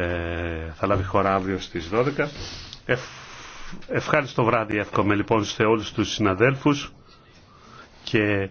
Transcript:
Ε, θα λάβει χώρα αύριο στις 12. Ευχάριστο βράδυ εύχομαι λοιπόν σε όλους τους συναδέλφους και